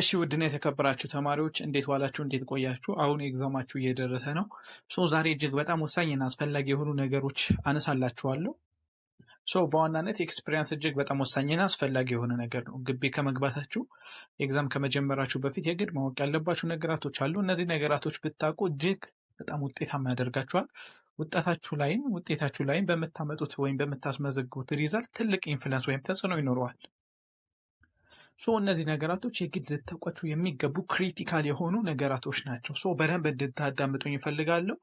እሺ ውድና የተከበራችሁ ተማሪዎች እንዴት ዋላችሁ? እንዴት ቆያችሁ? አሁን ኤግዛማችሁ እየደረሰ ነው። ሶ ዛሬ እጅግ በጣም ወሳኝና አስፈላጊ የሆኑ ነገሮች አነሳላችኋለሁ። ሶ በዋናነት ኤክስፒሪያንስ እጅግ በጣም ወሳኝና አስፈላጊ የሆነ ነገር ነው። ግቢ ከመግባታችሁ ኤግዛም ከመጀመራችሁ በፊት የግድ ማወቅ ያለባችሁ ነገራቶች አሉ። እነዚህ ነገራቶች ብታውቁ እጅግ በጣም ውጤታማ ያደርጋችኋል። ውጣታችሁ ላይም ውጤታችሁ ላይም በምታመጡት ወይም በምታስመዘግቡት ሪዛልት ትልቅ ኢንፍሉንስ ወይም ተጽዕኖ ይኖረዋል። ሶ እነዚህ ነገራቶች የግድ ልታውቋቸው የሚገቡ ክሪቲካል የሆኑ ነገራቶች ናቸው። ሶ በደንብ እንድታዳምጡኝ ይፈልጋለሁ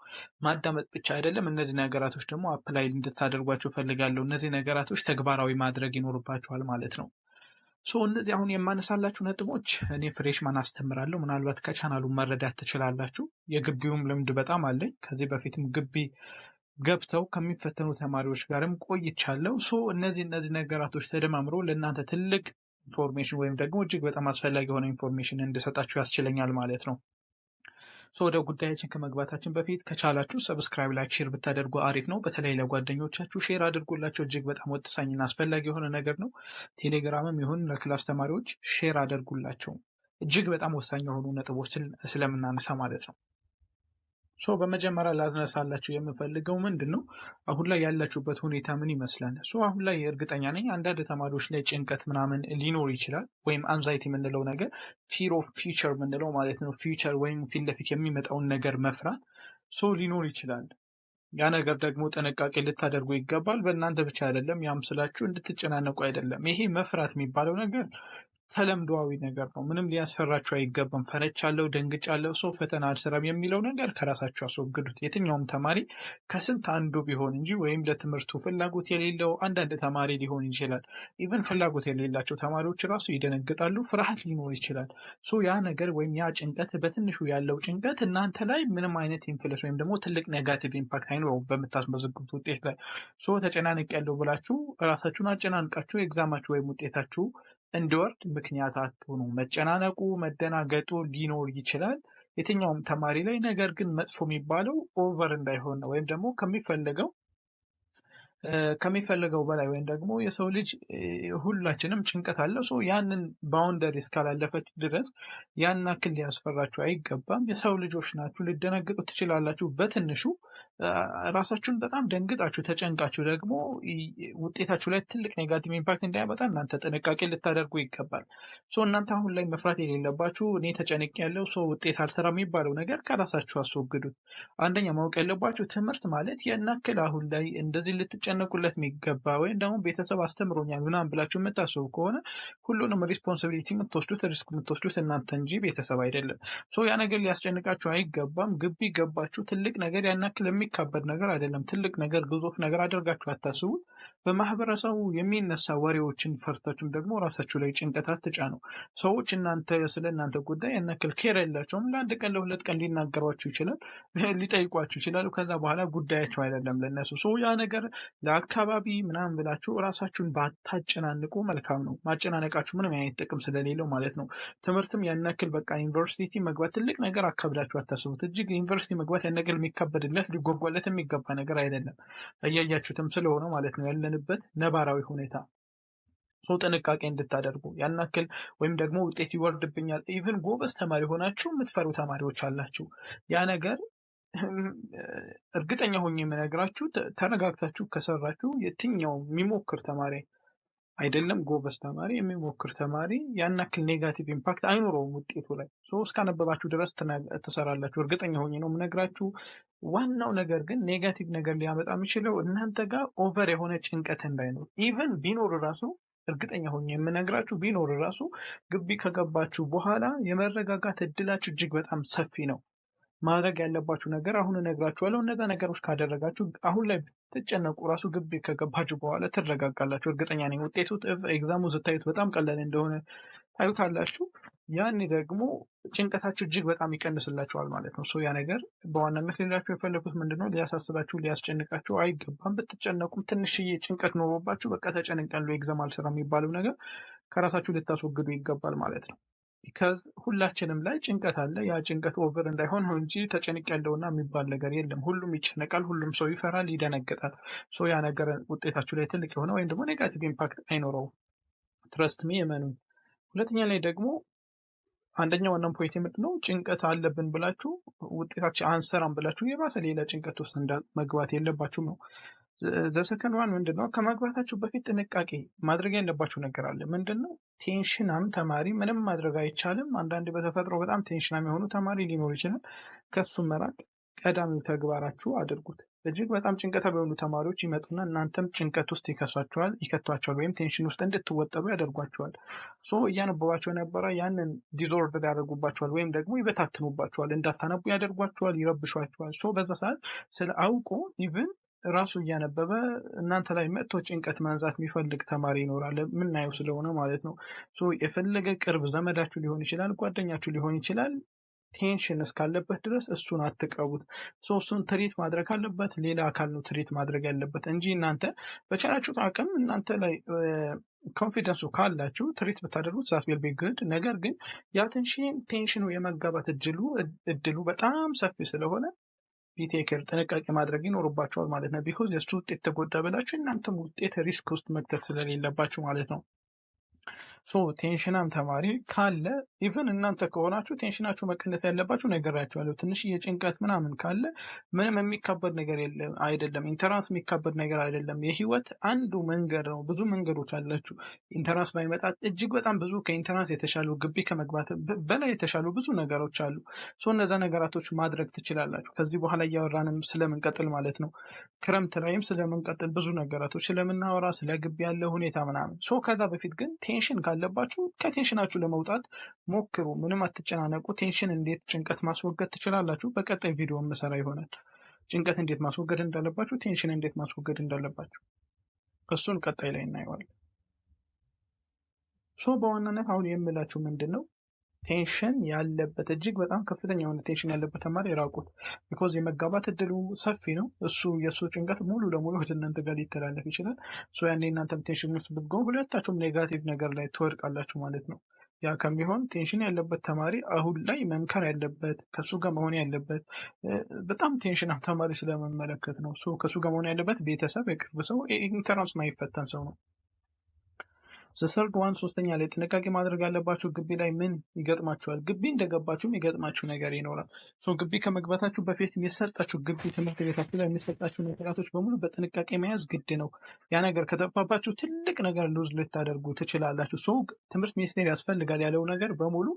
ማዳመጥ ብቻ አይደለም፣ እነዚህ ነገራቶች ደግሞ አፕላይ እንድታደርጓቸው ይፈልጋለሁ እነዚህ ነገራቶች ተግባራዊ ማድረግ ይኖርባቸዋል ማለት ነው። ሶ እነዚህ አሁን የማነሳላችሁ ነጥቦች እኔ ፍሬሽማን አስተምራለሁ። ምናልባት ከቻናሉ መረዳት ትችላላችሁ። የግቢውም ልምድ በጣም አለኝ። ከዚህ በፊትም ግቢ ገብተው ከሚፈተኑ ተማሪዎች ጋርም ቆይቻለሁ። ሶ እነዚህ እነዚህ ነገራቶች ተደማምሮ ለእናንተ ትልቅ ኢንፎርሜሽን ወይም ደግሞ እጅግ በጣም አስፈላጊ የሆነ ኢንፎርሜሽን እንድሰጣችሁ ያስችለኛል ማለት ነው። ሶ ወደ ጉዳያችን ከመግባታችን በፊት ከቻላችሁ ሰብስክራይብ፣ ላይክ፣ ሼር ብታደርጉ አሪፍ ነው። በተለይ ለጓደኞቻችሁ ሼር አድርጉላቸው። እጅግ በጣም ወሳኝና አስፈላጊ የሆነ ነገር ነው። ቴሌግራምም ይሁን ለክላስ ተማሪዎች ሼር አድርጉላቸው። እጅግ በጣም ወሳኝ የሆኑ ነጥቦችን ስለምናነሳ ማለት ነው። ሶ በመጀመሪያ ላዝነሳላችሁ የምፈልገው ምንድን ነው አሁን ላይ ያላችሁበት ሁኔታ ምን ይመስላል? ሶ አሁን ላይ እርግጠኛ ነኝ አንዳንድ ተማሪዎች ላይ ጭንቀት ምናምን ሊኖር ይችላል፣ ወይም አንዛይቲ የምንለው ነገር ፊር ኦፍ ፊውቸር የምንለው ማለት ነው። ፊውቸር ወይም ፊት ለፊት የሚመጣውን ነገር መፍራት ሶ ሊኖር ይችላል። ያ ነገር ደግሞ ጥንቃቄ ልታደርጉ ይገባል። በእናንተ ብቻ አይደለም፣ ያም ስላችሁ እንድትጨናነቁ አይደለም። ይሄ መፍራት የሚባለው ነገር ተለምዶዊ ነገር ነው። ምንም ሊያስፈራቸው አይገባም። ደንግጫ ደንግጫለሁ፣ ሰው ፈተና አልሰራም የሚለው ነገር ከራሳቸው አስወግዱት። የትኛውም ተማሪ ከስንት አንዱ ቢሆን እንጂ ወይም ለትምህርቱ ፍላጎት የሌለው አንዳንድ ተማሪ ሊሆን ይችላል። ኢቨን ፍላጎት የሌላቸው ተማሪዎች ራሱ ይደነግጣሉ፣ ፍርሃት ሊኖር ይችላል። ሶ ያ ነገር ወይም ያ ጭንቀት፣ በትንሹ ያለው ጭንቀት እናንተ ላይ ምንም አይነት ኢንፍለስ ወይም ደግሞ ትልቅ ኔጋቲቭ ኢምፓክት አይኖረውም በምታስመዘግቡት ውጤት ላይ። ሶ ተጨናንቅ ያለው ብላችሁ ራሳችሁን አጨናንቃችሁ ኤግዛማችሁ ወይም ውጤታችሁ እንዲወርድ ምክንያት አትሆኑ። መጨናነቁ መደናገጡ ሊኖር ይችላል የትኛውም ተማሪ ላይ ነገር ግን መጥፎ የሚባለው ኦቨር እንዳይሆን ነው ወይም ደግሞ ከሚፈለገው ከሚፈልገው በላይ ወይም ደግሞ የሰው ልጅ ሁላችንም ጭንቀት አለው። ሰው ያንን ባውንደሪ እስካላለፈች ድረስ ያን ያክል ሊያስፈራችሁ አይገባም። የሰው ልጆች ናችሁ፣ ልደነግጡ ትችላላችሁ። በትንሹ ራሳችሁን በጣም ደንግጣችሁ ተጨንቃችሁ ደግሞ ውጤታችሁ ላይ ትልቅ ኔጋቲቭ ኢምፓክት እንዳያመጣ እናንተ ጥንቃቄ ልታደርጉ ይገባል። ሰው እናንተ አሁን ላይ መፍራት የሌለባችሁ እኔ ተጨንቅ ያለው ሰው ውጤት አልሰራ የሚባለው ነገር ከራሳችሁ አስወግዱት። አንደኛ ማወቅ ያለባችሁ ትምህርት ማለት የናክል አሁን ላይ እንደዚህ ልትጨ ልትጨነቁለት የሚገባ ወይም ደግሞ ቤተሰብ አስተምሮኛል ምናምን ብላችሁ የምታስቡ ከሆነ ሁሉንም ሪስፖንሲቢሊቲ የምትወስዱት ሪስክ የምትወስዱት እናንተ እንጂ ቤተሰብ አይደለም። ሶ ያ ነገር ሊያስጨንቃችሁ አይገባም። ግቢ ገባችሁ ትልቅ ነገር ያናክል የሚካበድ ነገር አይደለም። ትልቅ ነገር ግዙፍ ነገር አድርጋችሁ አታስቡ። በማህበረሰቡ የሚነሳ ወሬዎችን ፈርታችሁም ደግሞ ራሳችሁ ላይ ጭንቀት አትጫኑ። ሰዎች እናንተ ስለ እናንተ ጉዳይ ያናክል ኬር የላቸውም። ለአንድ ቀን ለሁለት ቀን ሊናገሯችሁ ይችላል፣ ሊጠይቋችሁ ይችላሉ። ከዛ በኋላ ጉዳያቸው አይደለም ለነሱ ያ ነገር ለአካባቢ ምናምን ብላችሁ ራሳችሁን ባታጨናንቁ መልካም ነው። ማጨናነቃችሁ ምንም አይነት ጥቅም ስለሌለው ማለት ነው። ትምህርትም ያን ያክል በቃ ዩኒቨርሲቲ መግባት ትልቅ ነገር አካብዳችሁ አታስቡት። እጅግ ዩኒቨርሲቲ መግባት ያን ነገር የሚከበድለት ሊጓጓለት የሚገባ ነገር አይደለም። እያያችሁትም ስለሆነ ማለት ነው ያለንበት ነባራዊ ሁኔታ ሰው ጥንቃቄ እንድታደርጉ ያን ወይም ደግሞ ውጤት ይወርድብኛል ኢቭን ጎበዝ ተማሪ ሆናችሁ የምትፈሩ ተማሪዎች አላችሁ ያ ነገር እርግጠኛ ሆኜ የምነግራችሁ ተረጋግታችሁ ከሰራችሁ የትኛው የሚሞክር ተማሪ አይደለም ጎበዝ ተማሪ የሚሞክር ተማሪ ያን ያክል ኔጋቲቭ ኢምፓክት አይኖረውም ውጤቱ ላይ እስካነበባችሁ ድረስ ትሰራላችሁ። እርግጠኛ ሆኜ ነው የምነግራችሁ። ዋናው ነገር ግን ኔጋቲቭ ነገር ሊያመጣ የሚችለው እናንተ ጋር ኦቨር የሆነ ጭንቀት እንዳይኖር ኢቨን ቢኖር ራሱ እርግጠኛ ሆኜ የምነግራችሁ ቢኖር ራሱ ግቢ ከገባችሁ በኋላ የመረጋጋት እድላችሁ እጅግ በጣም ሰፊ ነው። ማድረግ ያለባችሁ ነገር አሁን እነግራችኋለሁ። እነዛ ነገሮች ካደረጋችሁ አሁን ላይ ብትጨነቁ ራሱ ግቢ ከገባችሁ በኋላ ትረጋጋላችሁ። እርግጠኛ ነኝ ውጤቱ ኤግዛሙ ስታዩት በጣም ቀላል እንደሆነ ታዩታላችሁ። ያኔ ደግሞ ጭንቀታችሁ እጅግ በጣም ይቀንስላችኋል ማለት ነው። ያ ነገር በዋናነት ሌላችሁ የፈለጉት ምንድነው? ሊያሳስባችሁ ሊያስጨንቃችሁ አይገባም። ብትጨነቁም ትንሽዬ ጭንቀት ኖሮባችሁ በቃ ተጨንቀን ኤግዛም አልሰራ የሚባለው ነገር ከራሳችሁ ልታስወግዱ ይገባል ማለት ነው። ሁላችንም ላይ ጭንቀት አለ። ያ ጭንቀት ኦቨር እንዳይሆን ነው እንጂ ተጨንቅ ያለውና የሚባል ነገር የለም። ሁሉም ይጨነቃል፣ ሁሉም ሰው ይፈራል፣ ይደነግጣል። ሶ ያ ነገር ውጤታችሁ ላይ ትልቅ የሆነ ወይም ደግሞ ኔጋቲቭ ኢምፓክት አይኖረውም። ትረስት ሚ የመኑ። ሁለተኛ ላይ ደግሞ አንደኛ ዋናም ፖይንት የምንድነው ጭንቀት አለብን ብላችሁ ውጤታችን አንሰራም ብላችሁ የባሰ ሌላ ጭንቀት ውስጥ መግባት የለባችሁም ነው። ዘሰከንድ ዋን ምንድን ነው? ከመግባታችሁ በፊት ጥንቃቄ ማድረግ ያለባችሁ ነገር አለ። ምንድን ነው? ቴንሽናም ተማሪ ምንም ማድረግ አይቻልም። አንዳንድ በተፈጥሮ በጣም ቴንሽናም የሆኑ ተማሪ ሊኖር ይችላል። ከሱ መራቅ ቀዳሚ ተግባራችሁ አድርጉት። እጅግ በጣም ጭንቀታ በሆኑ ተማሪዎች ይመጡና እናንተም ጭንቀት ውስጥ ይከሷቸዋል ይከቷቸዋል፣ ወይም ቴንሽን ውስጥ እንድትወጠሩ ያደርጓቸዋል። ሶ እያነበባቸው ነበረ ያንን ዲዞርደር ያደርጉባቸዋል፣ ወይም ደግሞ ይበታትኑባቸዋል፣ እንዳታነቡ ያደርጓቸዋል፣ ይረብሿቸዋል። ሶ በዛ ሰዓት ስለ አውቆ ኢቭን ራሱ እያነበበ እናንተ ላይ መጥቶ ጭንቀት ማንዛት የሚፈልግ ተማሪ ይኖራል። የምናየው ስለሆነ ማለት ነው። የፈለገ ቅርብ ዘመዳችሁ ሊሆን ይችላል፣ ጓደኛችሁ ሊሆን ይችላል። ቴንሽን እስካለበት ድረስ እሱን አትቀቡት። እሱን ትሪት ማድረግ አለበት ሌላ አካል ነው ትሪት ማድረግ ያለበት እንጂ እናንተ በቻላችሁት አቅም እናንተ ላይ ኮንፊደንሱ ካላችሁ ትሪት ብታደርጉት ዛት ዊል ግድ። ነገር ግን ያ ቴንሽኑ የመጋባት እድሉ በጣም ሰፊ ስለሆነ ቢቴክር ጥንቃቄ ማድረግ ይኖርባቸዋል ማለት ነው። ቢኮዝ የእሱ ውጤት ተጎዳ ብላችሁ እናንተም ውጤት ሪስክ ውስጥ መክተት ስለሌለባችሁ ማለት ነው። ሶ ቴንሽናም ተማሪ ካለ ኢቨን እናንተ ከሆናችሁ ቴንሽናችሁ መቀነስ ያለባችሁ ነግሬያችኋለሁ። ትንሽ የጭንቀት ምናምን ካለ ምንም የሚካበድ ነገር አይደለም። ኢንተራንስ የሚካበድ ነገር አይደለም። የህይወት አንዱ መንገድ ነው። ብዙ መንገዶች አላችሁ። ኢንተራንስ ባይመጣ እጅግ በጣም ብዙ ከኢንተራንስ የተሻሉ ግቢ ከመግባት በላይ የተሻሉ ብዙ ነገሮች አሉ። ሶ እነዛ ነገራቶች ማድረግ ትችላላችሁ። ከዚህ በኋላ እያወራንም ስለምንቀጥል ማለት ነው። ክረምት ላይም ስለምንቀጥል ብዙ ነገራቶች ስለምናወራ ስለ ግቢ ያለ ሁኔታ ምናምን። ሶ ከዛ በፊት ግን ቴንሽን ካለባችሁ ከቴንሽናችሁ ለመውጣት ሞክሩ። ምንም አትጨናነቁ። ቴንሽን እንዴት ጭንቀት ማስወገድ ትችላላችሁ በቀጣይ ቪዲዮ መሰራ ይሆናል። ጭንቀት እንዴት ማስወገድ እንዳለባችሁ፣ ቴንሽን እንዴት ማስወገድ እንዳለባችሁ እሱን ቀጣይ ላይ እናየዋለን። ሶ በዋናነት አሁን የምላችሁ ምንድን ነው ቴንሽን ያለበት እጅግ በጣም ከፍተኛ የሆነ ቴንሽን ያለበት ተማሪ ራቁት። ቢኮዝ የመጋባት እድሉ ሰፊ ነው። እሱ የእሱ ጭንቀት ሙሉ ለሙሉ ወደ እናንተ ጋር ሊተላለፍ ይችላል። ያኔ እናንተም ቴንሽን ውስጥ ብትገቡ ሁለታችሁም ኔጋቲቭ ነገር ላይ ትወድቃላችሁ ማለት ነው። ያ ከሚሆን ቴንሽን ያለበት ተማሪ አሁን ላይ መምከር ያለበት ከሱ ጋር መሆን ያለበት በጣም ቴንሽን ተማሪ ስለመመለከት ነው። ከሱ ጋር መሆን ያለበት ቤተሰብ፣ የቅርብ ሰው፣ ኢንተራንስ ማይፈተን ሰው ነው። ዘሰርድ ዋን ሶስተኛ ላይ ጥንቃቄ ማድረግ ያለባቸው ግቢ ላይ ምን ይገጥማቸዋል ግቢ እንደገባችሁም ይገጥማችሁ ነገር ይኖራል። ግቢ ከመግባታችሁ በፊት የሚሰጣችሁ ግቢ ትምህርት ቤታችሁ ላይ የሚሰጣችሁ ነገራቶች በሙሉ በጥንቃቄ መያዝ ግድ ነው። ያ ነገር ከተጠፋባችሁ ትልቅ ነገር ሉዝ ልታደርጉ ትችላላችሁ። ሰው ትምህርት ሚኒስቴር ያስፈልጋል ያለው ነገር በሙሉ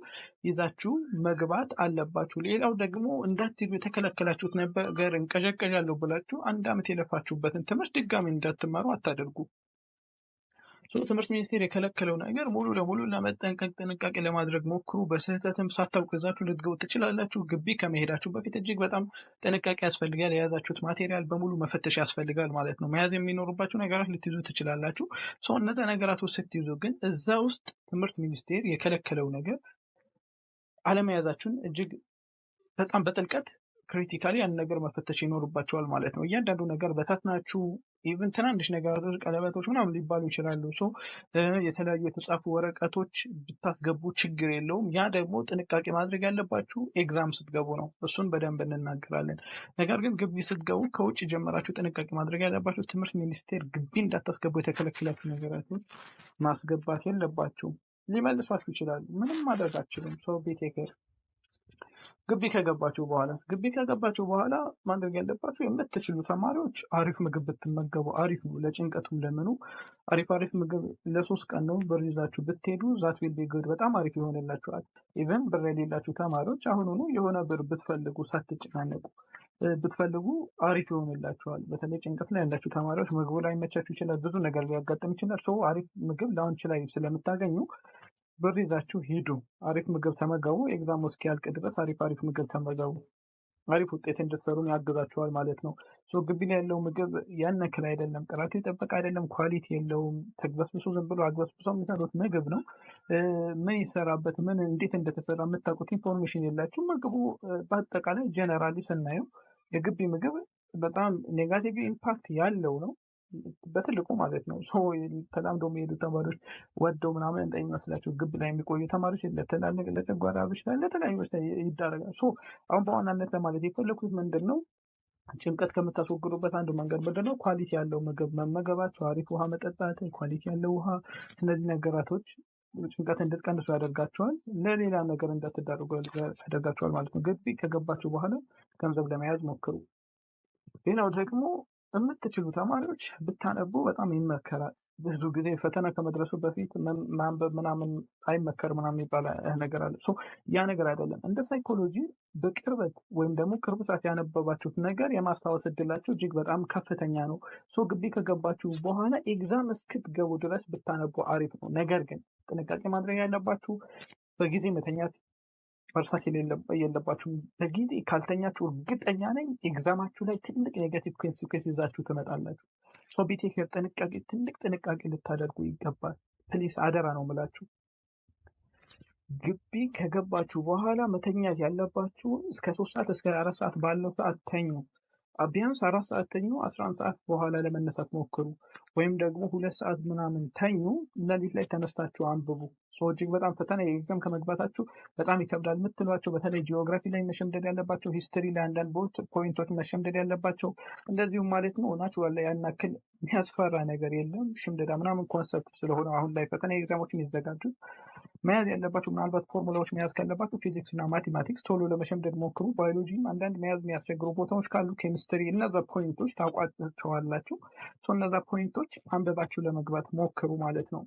ይዛችሁ መግባት አለባችሁ። ሌላው ደግሞ እንዳትሉ የተከለከላችሁት ነገር እንቀዠቀዣለሁ ብላችሁ አንድ አመት የለፋችሁበትን ትምህርት ድጋሚ እንዳትማሩ አታደርጉ። ትምህርት ሚኒስቴር የከለከለው ነገር ሙሉ ለሙሉ ለመጠንቀቅ ጥንቃቄ ለማድረግ ሞክሩ። በስህተትም ሳታውቁ ይዛችሁ ልትገቡ ትችላላችሁ። ግቢ ከመሄዳችሁ በፊት እጅግ በጣም ጥንቃቄ ያስፈልጋል። የያዛችሁት ማቴሪያል በሙሉ መፈተሽ ያስፈልጋል ማለት ነው። መያዝ የሚኖሩባቸው ነገራት ልትይዙ ትችላላችሁ። ሰው እነዚያ ውስጥ ስትይዙ ግን እዛ ውስጥ ትምህርት ሚኒስቴር የከለከለው ነገር አለመያዛችሁን እጅግ በጣም በጥልቀት ክሪቲካሊ ያን ነገር መፈተሽ ይኖርባቸዋል ማለት ነው። እያንዳንዱ ነገር በታትናችሁ ኢቨን ትናንሽ ነገራቶች ቀለበቶች ምናምን ሊባሉ ይችላሉ። ሶ የተለያዩ የተጻፉ ወረቀቶች ብታስገቡ ችግር የለውም። ያ ደግሞ ጥንቃቄ ማድረግ ያለባችሁ ኤግዛም ስትገቡ ነው። እሱን በደንብ እንናገራለን። ነገር ግን ግቢ ስትገቡ ከውጭ ጀመራችሁ ጥንቃቄ ማድረግ ያለባችሁ ትምህርት ሚኒስቴር ግቢ እንዳታስገቡ የተከለክላችሁ ነገራቶች ማስገባት የለባችሁም። ሊመልሷችሁ ይችላሉ። ምንም ማድረግ አችሉም። ሰው ቤት ግቢ ከገባችሁ በኋላ ግቢ ከገባችሁ በኋላ ማድረግ ያለባችሁ የምትችሉ ተማሪዎች አሪፍ ምግብ ብትመገቡ አሪፍ ነው። ለጭንቀቱም ለምኑ አሪፍ አሪፍ ምግብ ለሶስት ቀን ነው ብር ይዛችሁ ብትሄዱ ዛት ቤል ቤግድ በጣም አሪፍ ይሆንላችኋል። ኢቨን ብር የሌላችሁ ተማሪዎች አሁኑኑ የሆነ ብር ብትፈልጉ ሳትጨናነቁ ብትፈልጉ አሪፍ ይሆንላችኋል። በተለይ ጭንቀት ላይ ያላችሁ ተማሪዎች ምግቡ ላይ መቻችሁ ይችላል፣ ብዙ ነገር ሊያጋጥም ይችላል። ሰው አሪፍ ምግብ ላውንች ላይ ስለምታገኙ ብር ይዛችሁ ሂዱ። አሪፍ ምግብ ተመገቡ። ኤግዛሙ እስኪያልቅ ድረስ አሪፍ አሪፍ ምግብ ተመገቡ። አሪፍ ውጤት እንድትሰሩን ያግዛችኋል ማለት ነው። ግቢ ላይ ያለው ምግብ ያን ያክል አይደለም፣ ጥራት የጠበቀ አይደለም፣ ኳሊቲ የለውም። ተግበስብሶ ዝም ብሎ አግበስብሶ የሚሰሩት ምግብ ነው። ምን ይሰራበት ምን እንዴት እንደተሰራ የምታውቁት ኢንፎርሜሽን የላችሁ። ምግቡ በአጠቃላይ ጀነራሊ ስናየው የግቢ ምግብ በጣም ኔጋቲቭ ኢምፓክት ያለው ነው። በትልቁ ማለት ነው። ሰው ተላምዶ የሚሄዱ ተማሪዎች ወደው ምናምን እንጠ ግብ ላይ የሚቆዩ ተማሪዎች ለተላለቅ ለጨጓራ በሽታ ለተለያዩ በሽታ ይዳረጋል። አሁን በዋናነት ለማለት የፈለኩት ምንድን ነው ጭንቀት ከምታስወግዱበት አንዱ መንገድ ምንድን ነው? ኳሊቲ ያለው ምግብ መመገባቸው፣ አሪፍ ውሃ መጠጣት፣ ኳሊቲ ያለው ውሃ። እነዚህ ነገራቶች ጭንቀት እንድትቀንሱ ያደርጋቸዋል። ለሌላ ነገር እንዳትዳርጉ ያደርጋቸዋል ማለት ነው። ግቢ ከገባችሁ በኋላ ገንዘብ ለመያዝ ሞክሩ። ሌላው ደግሞ የምትችሉ ተማሪዎች ብታነቡ በጣም ይመከራል። ብዙ ጊዜ ፈተና ከመድረሱ በፊት ማንበብ ምናምን አይመከር ምናምን ይባል ነገር አለ። ያ ነገር አይደለም። እንደ ሳይኮሎጂ በቅርበት ወይም ደግሞ ቅርብ ሰዓት ያነበባችሁት ነገር የማስታወስ እድላቸው እጅግ በጣም ከፍተኛ ነው። ሶ ግቢ ከገባችሁ በኋላ ኤግዛም እስክትገቡ ድረስ ብታነቡ አሪፍ ነው። ነገር ግን ጥንቃቄ ማድረግ ያለባችሁ በጊዜ መተኛት መርሳት የለባችሁም በጊዜ ካልተኛችሁ እርግጠኛ ነኝ ኤግዛማችሁ ላይ ትልቅ ኔጋቲቭ ኮንሲኩዌንስ ይዛችሁ ትመጣላችሁ። ሰው ቤቴክር ጥንቃቄ ትልቅ ጥንቃቄ ልታደርጉ ይገባል። ፕሊስ አደራ ነው ምላችሁ። ግቢ ከገባችሁ በኋላ መተኛት ያለባችሁ እስከ ሶስት ሰዓት እስከ አራት ሰዓት ባለው ሰዓት ተኙ። ቢያንስ አራት ሰዓት ተኙ፣ አስራ አንድ ሰዓት በኋላ ለመነሳት ሞክሩ። ወይም ደግሞ ሁለት ሰዓት ምናምን ተኙ፣ ሌሊት ላይ ተነስታችሁ አንብቡ። ሰው እጅግ በጣም ፈተና የኤግዛም ከመግባታችሁ በጣም ይከብዳል የምትሏቸው በተለይ ጂኦግራፊ ላይ መሸምደድ ያለባቸው፣ ሂስትሪ ላይ አንዳንድ ቦት ፖይንቶች መሸምደድ ያለባቸው እንደዚሁም ማለት ነው ናቹራል ላይ ያን ያክል የሚያስፈራ ነገር የለም። ሽምደዳ ምናምን ኮንሰፕት ስለሆነ አሁን ላይ ፈተና ኤግዛሞች የሚዘጋጁት መያዝ ያለባቸው ምናልባት ፎርሙላዎች መያዝ ካለባቸው ፊዚክስ እና ማቴማቲክስ ቶሎ ለመሸምደድ ሞክሩ። ባዮሎጂም አንዳንድ መያዝ የሚያስቸግሩ ቦታዎች ካሉ ኬሚስትሪ፣ እነዛ ፖይንቶች ታውቋቸዋላችሁ። እነዛ ፖይንቶች አንበባችሁ ለመግባት ሞክሩ ማለት ነው።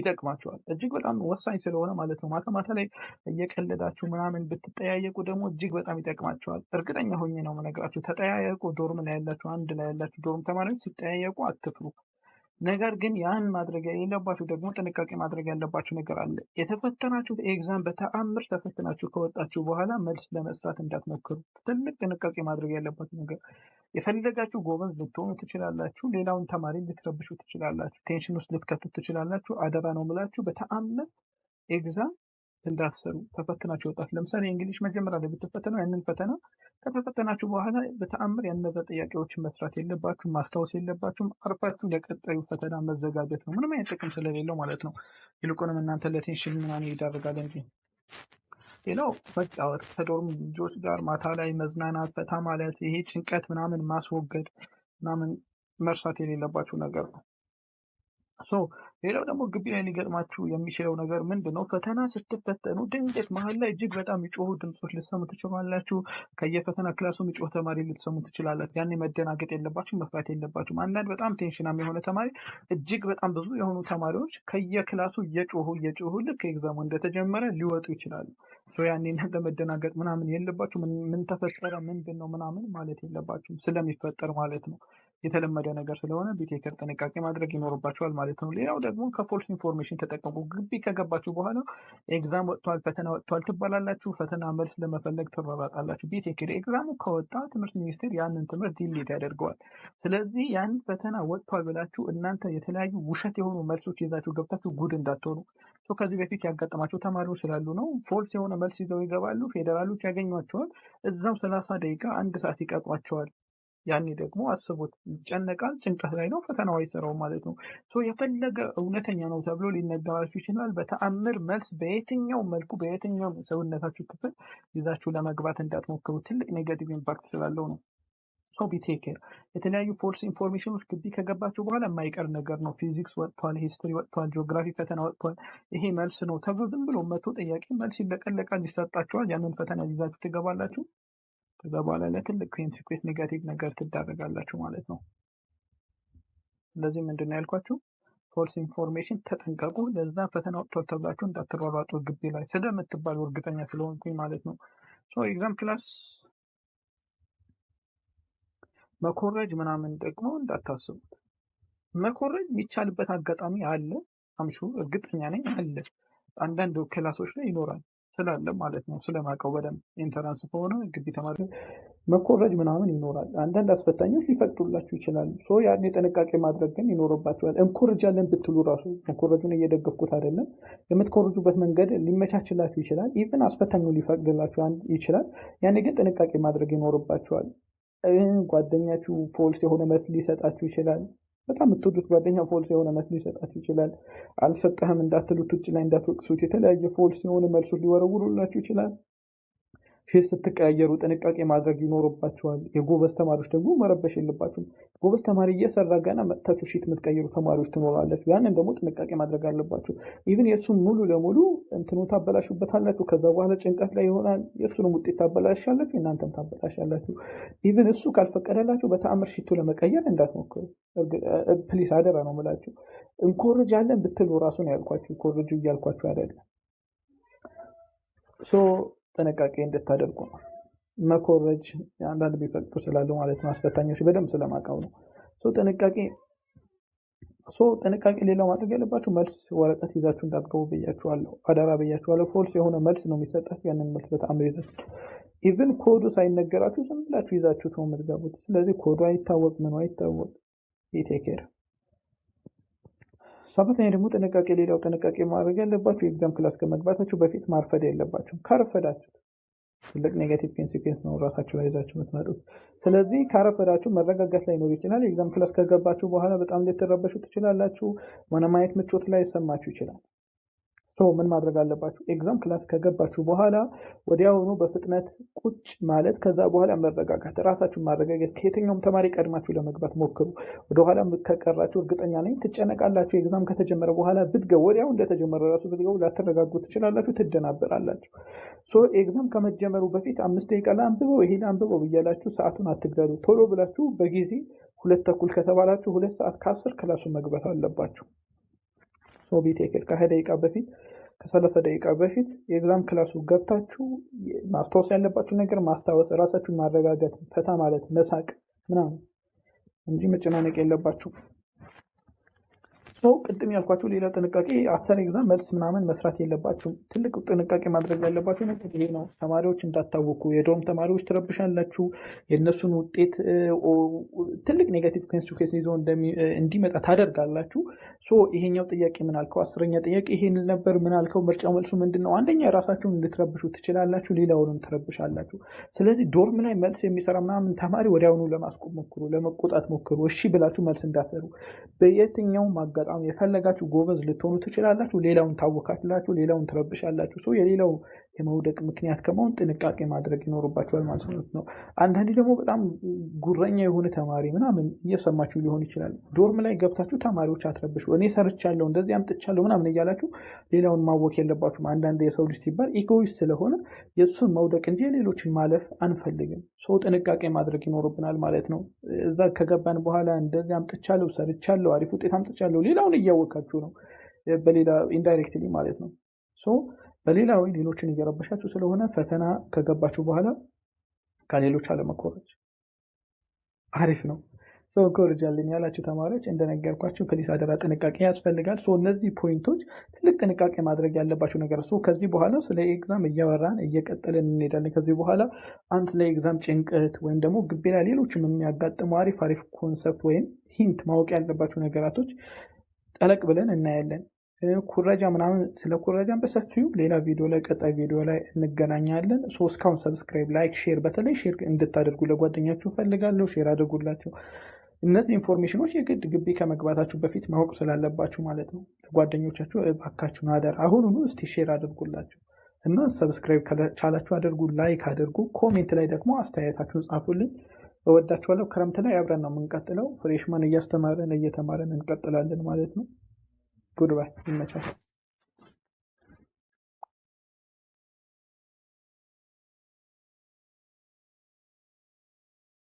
ይጠቅማቸዋል እጅግ በጣም ወሳኝ ስለሆነ ማለት ነው። ማታ ማታ ላይ እየቀለዳችሁ ምናምን ብትጠያየቁ ደግሞ እጅግ በጣም ይጠቅማቸዋል። እርግጠኛ ሆኜ ነው የምነግራችሁ። ተጠያየቁ። ዶርም ላይ ያላችሁ አንድ ላይ ያላችሁ ዶርም ተማሪዎች ሲጠያየቁ አትፍሩ። ነገር ግን ያን ማድረግ የሌለባችሁ ደግሞ ጥንቃቄ ማድረግ ያለባችሁ ነገር አለ። የተፈተናችሁት ኤግዛም በተአምር ተፈትናችሁ ከወጣችሁ በኋላ መልስ ለመስራት እንዳትሞክሩ። ትልቅ ጥንቃቄ ማድረግ ያለባችሁ ነገር የፈለጋችሁ ጎበዝ ልትሆኑ ትችላላችሁ። ሌላውን ተማሪ ልትረብሹ ትችላላችሁ። ቴንሽን ውስጥ ልትከቱ ትችላላችሁ። አደራ ነው ምላችሁ በተአምር ኤግዛም እንዳትሰሩ ተፈትናችሁ ወጣት ለምሳሌ እንግሊሽ መጀመሪያ ላይ ብትፈተነው ያንን ፈተና ከተፈተናችሁ በኋላ በተአምር ያነበ ጥያቄዎችን መስራት የለባችሁም፣ ማስታወስ የለባችሁም። አርፋችሁ ለቀጣዩ ፈተና መዘጋጀት ነው። ምንም አይነት ጥቅም ስለሌለው ማለት ነው። ይልቁንም እናንተ ለቴንሽን ምናምን ይዳርጋል እንጂ ሌላው መጫወት ከዶርም ልጆች ጋር ማታ ላይ መዝናናት፣ ፈታ ማለት ይሄ ጭንቀት ምናምን ማስወገድ ምናምን መርሳት የሌለባችሁ ነገር ነው። ሌላው ደግሞ ግቢ ላይ ሊገጥማችሁ የሚችለው ነገር ምንድ ነው? ፈተና ስትፈተኑ ድንገት መሀል ላይ እጅግ በጣም የጮሁ ድምፆች ልትሰሙ ትችላላችሁ። ከየፈተና ክላሱ የጮህ ተማሪ ልትሰሙ ትችላላችሁ። ያኔ መደናገጥ የለባችሁ፣ መፍራት የለባችሁ አንዳንድ በጣም ቴንሽናም የሆነ ተማሪ እጅግ በጣም ብዙ የሆኑ ተማሪዎች ከየክላሱ እየጮሁ እየጮሁ ልክ ኤግዛሙ እንደተጀመረ ሊወጡ ይችላሉ። ያኔ እናንተ መደናገጥ ምናምን የለባችሁ። ምን ተፈጠረ ምንድን ነው ምናምን ማለት የለባችሁ፣ ስለሚፈጠር ማለት ነው። የተለመደ ነገር ስለሆነ ቢቴከር ጥንቃቄ ማድረግ ይኖርባቸዋል ማለት ነው። ሌላው ደግሞ ከፎልስ ኢንፎርሜሽን ተጠቀሙ ግቢ ከገባችሁ በኋላ ኤግዛም ወጥቷል፣ ፈተና ወጥቷል ትባላላችሁ። ፈተና መልስ ለመፈለግ ትራራጣላችሁ። ቢቴክር ኤግዛሙ ከወጣ ትምህርት ሚኒስቴር ያንን ትምህርት ዲሊት ያደርገዋል። ስለዚህ ያንን ፈተና ወጥቷል ብላችሁ እናንተ የተለያዩ ውሸት የሆኑ መልሶች ይዛችሁ ገብታችሁ ጉድ እንዳትሆኑ። ከዚህ በፊት ያጋጠማቸው ተማሪዎች ስላሉ ነው። ፎልስ የሆነ መልስ ይዘው ይገባሉ። ፌደራሎች ያገኟቸዋል። እዛው ሰላሳ ደቂቃ አንድ ሰዓት ይቀጧቸዋል። ያኔ ደግሞ አስቡት ይጨነቃል። ጭንቀት ላይ ነው፣ ፈተናው አይሰራውም ማለት ነው። የፈለገ እውነተኛ ነው ተብሎ ሊነገራችሁ ይችላል። በተአምር መልስ በየትኛው መልኩ በየትኛው ሰውነታችሁ ክፍል ይዛችሁ ለመግባት እንዳትሞክሩ፣ ትልቅ ኔጋቲቭ ኢምፓክት ስላለው ነው። ሰው ቢቴክር የተለያዩ ፎልስ ኢንፎርሜሽኖች ግቢ ከገባቸው በኋላ የማይቀር ነገር ነው። ፊዚክስ ወጥቷል፣ ሂስትሪ ወጥቷል፣ ጂኦግራፊ ፈተና ወጥቷል፣ ይሄ መልስ ነው ተብሎ ዝም ብሎ መቶ ጥያቄ መልስ ይለቀለቃል፣ ይሰጣቸዋል ያንን ፈተና ይዛችሁ ትገባላችሁ። ከዛ በኋላ ለትልቅ ኮንሲኩዌንስ ኔጋቲቭ ነገር ትዳረጋላችሁ ማለት ነው። ስለዚህ ምንድን ነው ያልኳችሁ? ፎልስ ኢንፎርሜሽን ተጠንቀቁ። ለዛ ፈተና ወጥቶ ተብላችሁ እንዳትሯሯጡ ግቢ ላይ ስለምትባሉ እርግጠኛ ስለሆንኩኝ ማለት ነው። ሶ ኤግዛም ክላስ መኮረጅ ምናምን ደግሞ እንዳታስቡት። መኮረጅ የሚቻልበት አጋጣሚ አለ። አምሹ እርግጠኛ ነኝ አለ። አንዳንድ ክላሶች ላይ ይኖራል። ስላለ ማለት ነው ስለማቀው በደንብ ኢንተራንስ ከሆነ ግቢ ተማሪ መኮረጅ ምናምን ይኖራል። አንዳንድ አስፈታኞች ሊፈቅዱላችሁ ይችላሉ። ያን የጥንቃቄ ማድረግ ግን ይኖርባቸዋል። እንኮርጃለን ብትሉ ራሱ መኮረጁን እየደገፍኩት አይደለም። የምትኮርጁበት መንገድ ሊመቻችላችሁ ይችላል። ኢቨን አስፈታኙ ሊፈቅድላችሁ ይችላል። ያኔ ግን ጥንቃቄ ማድረግ ይኖርባቸዋል። ጓደኛችሁ ፎልስ የሆነ መርት ሊሰጣችሁ ይችላል። በጣም የምትወዱት ጓደኛ ፎልስ የሆነ መልስ ሊሰጣት ይችላል። አልሰጠህም እንዳትሉት፣ ውጭ ላይ እንዳትወቅሱት፣ የተለያየ ፎልስ የሆነ መልሶ ሊወረውሩላችሁ ይችላል። ፌስ ስትቀያየሩ ጥንቃቄ ማድረግ ይኖርባቸዋል። የጎበዝ ተማሪዎች ደግሞ መረበሽ የለባቸውም። ጎበዝ ተማሪ እየሰራ ገና መጥታችሁ ሺት የምትቀይሩ ተማሪዎች ትኖራላችሁ። ያንን ደግሞ ጥንቃቄ ማድረግ አለባቸው። ኢቭን የእሱን ሙሉ ለሙሉ እንትኑ ታበላሹበታላችሁ። ከዛ በኋላ ጭንቀት ላይ ይሆናል። የእሱንም ውጤት ታበላሻላችሁ፣ እናንተም ታበላሻላችሁ። ኢቭን እሱ ካልፈቀደላችሁ በተአምር ሽቱ ለመቀየር እንዳትሞክሩ። ፕሊስ አደራ ነው ምላችሁ። እንኮርጅ አለን ብትሉ ራሱን ያልኳችሁ። ኮርጁ እያልኳችሁ አይደለም። ጥንቃቄ እንድታደርጉ ነው። መኮረጅ አንዳንድ ቢፈቅጡ ስላሉ ማለት ነው። አስፈታኞች በደንብ ስለማቀው ነው። ጥንቃቄ ጥንቃቄ ሌላው ማድረግ ያለባቸው መልስ ወረቀት ይዛችሁ እንዳትገቡ ብያችኋለሁ። አደራ ብያችኋለሁ። ፎልስ የሆነ መልስ ነው የሚሰጣችሁ። ያንን መልስ በጣም ይዛችሁ ኢቭን ኮዱ ሳይነገራችሁ ዝም ብላችሁ ይዛችሁ ነው የምትገቡት። ስለዚህ ኮዱ አይታወቅ ምኑ አይታወቅ። ቴክ ሰባተኛ ደግሞ ጥንቃቄ፣ ሌላው ጥንቃቄ ማድረግ ያለባቸው የኤግዛም ክላስ ከመግባታችሁ በፊት ማርፈድ ያለባቸው ካረፈዳችሁ ትልቅ ኔጋቲቭ ኮንሲኩዌንስ ነው ራሳቸው ላይ የምትመጡት። ስለዚህ ካረፈዳችሁ መረጋጋት ኖር ይችላል። የኤግዛም ክላስ ከገባችሁ በኋላ በጣም ልትረበሹ ትችላላችሁ። ማነማየት ምቾት ላይ ይሰማችሁ ይችላል። ምን ማድረግ አለባችሁ? ኤግዛም ክላስ ከገባችሁ በኋላ ወዲያውኑ በፍጥነት ቁጭ ማለት፣ ከዛ በኋላ መረጋጋት፣ ራሳችሁን ማረጋገጥ። ከየትኛውም ተማሪ ቀድማችሁ ለመግባት ሞክሩ። ወደኋላ ከቀራችሁ እርግጠኛ ነኝ ትጨነቃላችሁ። ኤግዛም ከተጀመረ በኋላ ብትገቡ፣ ወዲያው እንደተጀመረ ራሱ ብትገቡ ላትረጋጉ ትችላላችሁ፣ ትደናበራላችሁ። ሶ ኤግዛም ከመጀመሩ በፊት አምስት ደቂቃ ላይ አንብበው ይሄን አንብበው ብያላችሁ ሰዓቱን አትግዳሉ ቶሎ ብላችሁ በጊዜ ሁለት ተኩል ከተባላችሁ ሁለት ሰዓት ከአስር ክላሱን መግባት አለባችሁ። ሶ ቢቴክል ደቂቃ በፊት ከሰላሳ ደቂቃ በፊት የኤግዛም ክላሱ ገብታችሁ ማስታወስ ያለባችሁ ነገር ማስታወስ፣ ራሳችሁን ማረጋጋት፣ ፈታ ማለት፣ መሳቅ ምናምን እንጂ መጨናነቅ የለባችሁ። ሰው ቅድም ያልኳቸው ሌላ ጥንቃቄ አፍተር ኤግዛም መልስ ምናምን መስራት የለባቸውም። ትልቅ ጥንቃቄ ማድረግ ያለባቸው ነገር ይሄ ነው። ተማሪዎች እንዳታወኩ፣ የዶርም ተማሪዎች ትረብሻላችሁ። የእነሱን ውጤት ትልቅ ኔጋቲቭ ኬስ ይዞ እንዲመጣ ታደርጋላችሁ። ሶ ይሄኛው ጥያቄ ምን አልከው፣ አስረኛ ጥያቄ ይሄን ነበር ምን አልከው። ምርጫው መልሱ ምንድን ነው? አንደኛ የራሳችሁን ልትረብሹ ትችላላችሁ፣ ሌላውንም ትረብሻላችሁ። ስለዚህ ዶርም ላይ መልስ የሚሰራ ምናምን ተማሪ ወዲያውኑ ለማስቆም ሞክሩ፣ ለመቆጣት ሞክሩ። እሺ ብላችሁ መልስ እንዳሰሩ በየትኛው ማጋ በጣም የፈለጋችሁ ጎበዝ ልትሆኑ ትችላላችሁ። ሌላውን ታወካላችሁ፣ ሌላውን ትረብሻላችሁ። ሰው የሌላው የመውደቅ ምክንያት ከመሆን ጥንቃቄ ማድረግ ይኖርባቸዋል ማለት ነው። አንዳንዴ ደግሞ በጣም ጉረኛ የሆነ ተማሪ ምናምን እየሰማችሁ ሊሆን ይችላል። ዶርም ላይ ገብታችሁ ተማሪዎች አትረብሹ፣ እኔ ሰርቻለሁ፣ እንደዚህ አምጥቻለሁ ምናምን እያላችሁ ሌላውን ማወቅ የለባችሁም። አንዳንድ የሰው ልጅ ሲባል ኢጎይስት ስለሆነ የእሱን መውደቅ እንጂ የሌሎችን ማለፍ አንፈልግም። ሰው ጥንቃቄ ማድረግ ይኖርብናል ማለት ነው። እዛ ከገባን በኋላ እንደዚህ አምጥቻለሁ፣ ሰርቻለሁ፣ አሪፍ ውጤት አምጥቻለሁ፣ ሌላውን እያወቃችሁ ነው በሌላ ኢንዳይሬክትሊ ማለት ነው። በሌላ ወይ ሌሎችን እየረበሻችሁ ስለሆነ ፈተና ከገባችሁ በኋላ ከሌሎች አለመኮረጅ አሪፍ ነው። ሰው ኮርጅ ያላችሁ ተማሪዎች እንደነገርኳችሁ ፕሊስ አደራ ጥንቃቄ ያስፈልጋል። እነዚህ ፖይንቶች ትልቅ ጥንቃቄ ማድረግ ያለባቸው ነገር። ከዚህ በኋላ ስለ ኤግዛም እያወራን እየቀጠልን እንሄዳለን። ከዚህ በኋላ አንድ ስለ ኤግዛም ጭንቀት ወይም ደግሞ ግቢ ላይ ሌሎችም የሚያጋጥሙ አሪፍ አሪፍ ኮንሰፕት ወይም ሂንት ማወቅ ያለባቸው ነገራቶች ጠለቅ ብለን እናያለን። ኩረጃ ምናምን ስለ ኩረጃን በሰፊው ሌላ ቪዲዮ ላይ ቀጣይ ቪዲዮ ላይ እንገናኛለን። ሶ እስካሁን ሰብስክራይብ፣ ላይክ፣ ሼር በተለይ ሼር እንድታደርጉ ለጓደኛችሁ ፈልጋለሁ። ሼር አድርጉላቸው። እነዚህ ኢንፎርሜሽኖች የግድ ግቢ ከመግባታችሁ በፊት ማወቅ ስላለባችሁ ማለት ነው። ለጓደኞቻችሁ እባካችሁን አደር አሁኑኑ እስቲ ሼር አድርጉላቸው እና ሰብስክራይብ ቻላችሁ አድርጉ፣ ላይክ አድርጉ። ኮሜንት ላይ ደግሞ አስተያየታችሁን ጻፉልኝ። እወዳችኋለሁ። ክረምት ላይ አብረን ነው የምንቀጥለው። ፍሬሽማን እያስተማረን እየተማረን እንቀጥላለን ማለት ነው። पूर्व हिमाचल